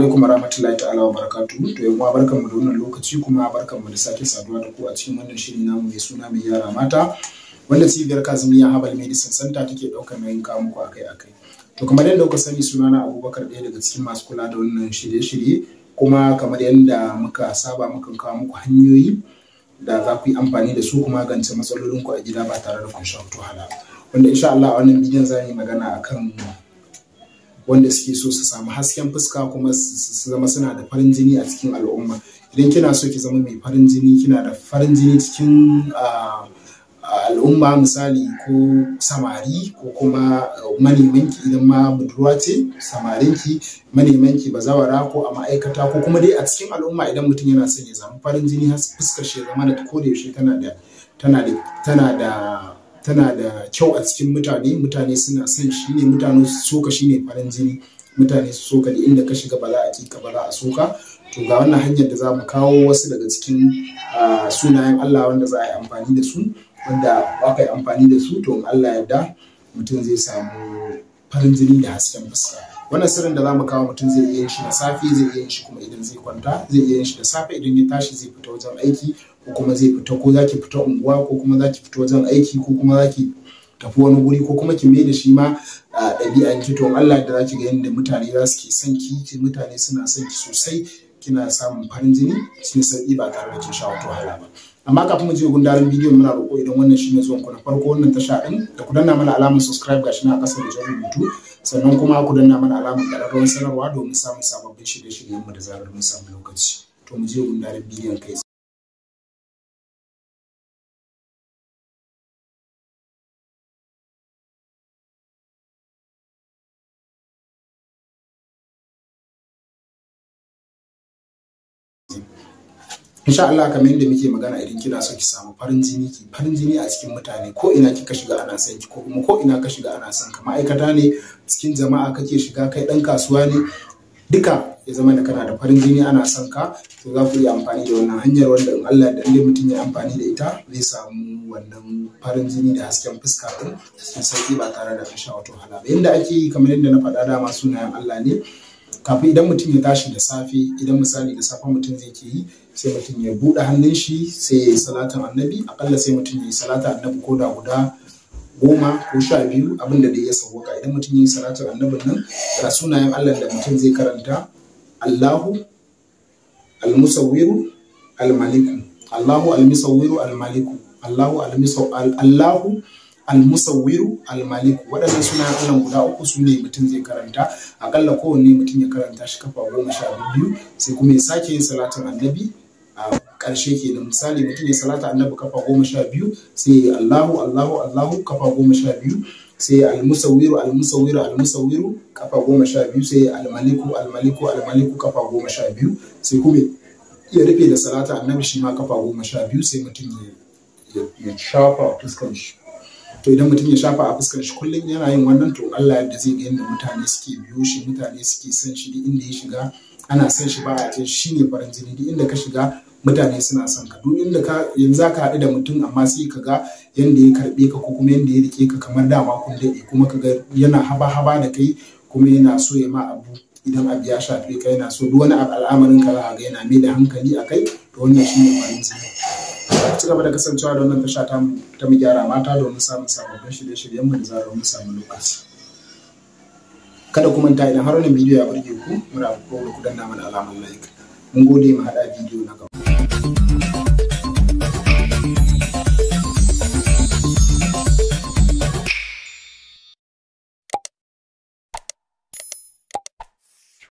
alaikum warahmatullahi ta'ala wa barakatuhu to yan barka barkanmu da wannan lokaci kuma barkanmu da sake saduwa da ku a cikin wannan shirin namu mai suna mai yara mata wanda cibiyar kazumiya Habal Medicine Center take daukar nauyin kawo muku akai akai to kamar yadda kuka sani suna na Abubakar ɗaya daga cikin masu kula da wannan shirye-shirye kuma kamar yadda muka saba mukan kawo muku hanyoyi da za ku yi amfani da su ku gance matsalolinku a gida ba tare da kun sha wahala wanda insha Allah a wannan bidiyon za yi magana akan wanda suke so su samu hasken fuska kuma su zama suna da farin jini a cikin al'umma idan kina so ki zama mai farin jini kina da farin jini cikin al'umma misali ko samari ko kuma manemanki idan ma budurwa ce samarinki manemanki ba bazawara ko a ma'aikata ko kuma dai a cikin al'umma idan mutum yana son ya zama farin jini fuskar shi zama da ko yaushe da tana da tana da kyau a cikin mutane mutane suna son shi ne mutane su soka shi ne farin jini mutane su soka da inda ka shiga bala a ka bala a soka to ga wannan hanyar da za mu kawo wasu daga cikin sunayen Allah wanda za a yi amfani da su wanda ba ka yi amfani da su to Allah yarda mutum zai samu farin jini da hasken fuska wannan sirrin da za mu kawo mutum zai iya shi da safe zai iya shi kuma idan zai kwanta zai iya shi da safe idan ya tashi zai fita wajen aiki ko kuma zai fita ko za ki fita unguwa ko kuma za ki fita wajen aiki ko kuma za ki tafi wani guri ko kuma ki mai da shi ma a ɗabi'a ki to Allah da za ki ga yadda mutane za su ke son ki ki mutane suna son ki sosai kina samun farin jini cikin sauki ba tare da kin sha wata wahala ba amma kafin mu je gundarin bidiyon muna roƙo idan wannan shi ne zuwan ku na farko wannan tasha ɗin da ku danna mana alamar subscribe gashi na ƙasa da jan rubutu sannan kuma ku danna mana alamar ƙararrawar sanarwa domin samun sababbin shirye-shiryen mu da zarar mun samu lokaci to mu je gundarin bidiyon kai insha Allah kamar yadda muke magana idan kina so ki samu farin jini ki farin jini a cikin mutane ko ina kika shiga ana san ki ko kuma ko ina ka shiga ana san ka ma'aikata ne cikin jama'a kake shiga kai dan kasuwa ne duka ya zama da kana da farin jini ana san ka to za ku yi amfani da wannan hanyar wanda in Allah da inda mutum ya amfani da ita zai samu wannan farin jini da hasken fuska din cikin sauki ba tare da fashawa wato hala. ba yadda ake yi kamar yadda na faɗa dama sunayen Allah ne kafin idan mutum ya tashi da safe idan misali da safe mutum zai ke yi sai mutum ya buɗe hannun shi sai ya yi salatan annabi akalla sai mutum ya yi salatan annabi ko da guda goma ko sha biyu abinda da ya sauwaka idan mutum ya yi salatan annabin nan ga sunayen allah da mutum zai karanta allahu almusawiru almaliku allahu almusawiru almaliku allahu almusawiru almaliku almusawiru almaliku waɗannan suna yaran guda uku su ne mutum zai karanta akalla kowanne mutum ya karanta shi kafa goma sha biyu sai kuma ya sake yin salatin annabi a ke da misali mutum ya salata annabi kafa goma sha biyu sai ya allahu allahu allahu kafa goma sha biyu sai almusawiru almusawiru almusawiru kafa goma sha biyu sai almaliku almaliku almaliku kafa goma sha biyu sai kuma ya rufe da salata annabi shi ma kafa goma sha biyu sai mutum ya shafa fuskan shi to idan mutum ya shafa a fuskar shi kullum yana yin wannan to Allah yadda zai ga yadda mutane suke biyo shi mutane suke son shi duk inda ya shiga ana son shi ba a ce shi ne farin jini duk inda ka shiga mutane suna son ka duk inda ka yanzu ka haɗu da mutum amma sai ka ga yanda ya karɓe ka ko kuma yanda ya rike ka kamar dama kun daɗe kuma ka ga yana haba haba da kai kuma yana so ya ma abu idan abu ya shafe ka yana so duk wani al'amarin ka za ga yana mai da hankali a kai to wannan shi ne farin jini ci gaba da kasancewa da wannan tasha ta ta mu gyara mata domin samun sababbin shirye-shiryen mu da za mu samu lokaci. Kada ku ta idan har wannan bidiyo ya burge ku muna roƙo ku danna mana alamar like. Mun gode mu hada bidiyo na gaba.